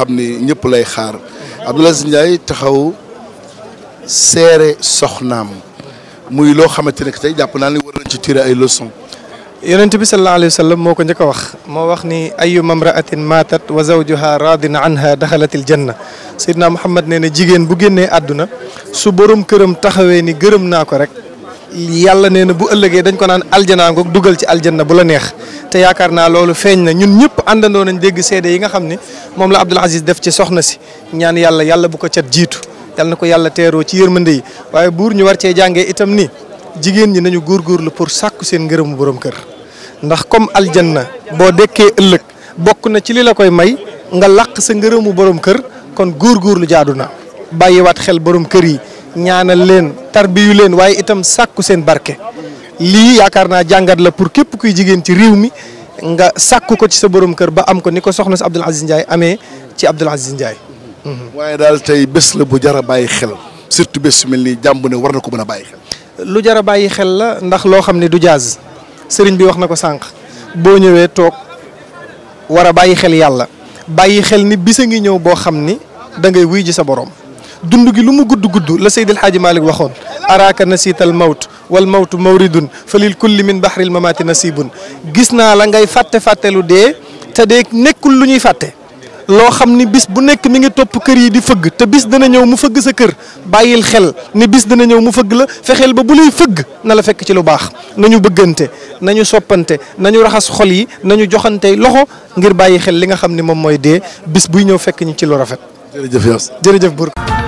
xam ni ñëpp lay xaar Abdoul Aziz Ndiaye taxaw seere soxnaam muy loo xamante ne tey jàpp naa ni war nañ ci tirer ay leçons. moo ko njëkk wax moo wax ni ayu mamraatin maatat wa zawjuha radin anha daxalatil janna Seydina Muhammad nee jigéen bu génnee àdduna su borom këram taxawee ni gërëm naa ko rek yàlla nee na bu ëllëgee dañ ko naan aljanaa ngoog dugal ci aljanna bu la neex te yaakaar naa loolu feeñ na ñun ñëpp àndandoo nañ dégg seede yi nga xam ne moom la Abdoul Aziz def ci soxna si ñaan yàlla yàlla bu ko cat jiitu yal na ko yàlla teeroo ci yërmande yi waaye buur ñu war cee jàngee itam ni jigéen ñi nañu góorgóorlu pour sàkku seen ngërëmu borom kër ndax comme aljanna boo dekkee ëllëg bokk na ci li la koy may nga làq sa ngërëmu borom kër kon góorgóorlu jaadu na bàyyiwaat xel borom kër yi ñaanal leen tarbiyu leen waaye itam sàkku seen barke lii yaakaar naa jàngat la pour képp kuy jigéen ci réew mi nga sàkku ko ci sa borom kër ba am ko ni ko soxna si Abdoul Aziz Ndiaye amee ci Abdoul Ndiaye. Mhm. waaye daal tey bés la bu jar a bàyyi xel surtout bés mel ni jàmb ne war na ko mën a bàyyi xel. lu jar a bàyyi xel la ndax loo xam ne du jaaz sëriñ bi wax na ko sànq boo ñëwee toog war a bàyyi xel yàlla bàyyi xel ni bis a ngi ñëw boo xam ni da ngay wuy ji sa boroom dund gi lu mu gudd gudd la Seydil Xaaji Malick waxoon araaka nasiital mawt wal mawtu mawridun fa lil kulli min bahril mamaati nasibun gis naa la ngay fàtte fàtte lu dee te dee nekkul lu ñuy fàtte loo xam ni bis bu nekk mi ngi topp kër yi di fëgg te bis dana ñëw mu fëgg sa kër bàyyil xel ni bis dana ñëw mu fëgg la fexeel ba bu lay fëgg na la fekk ci lu baax nañu bëggante nañu soppante nañu raxas xol yi nañu joxante loxo ngir bàyyi xel li nga xam ni moom mooy dee bis buy ñëw fekk ñu ci lu rafet. jërëjëf Yaas jërëjëf Bour.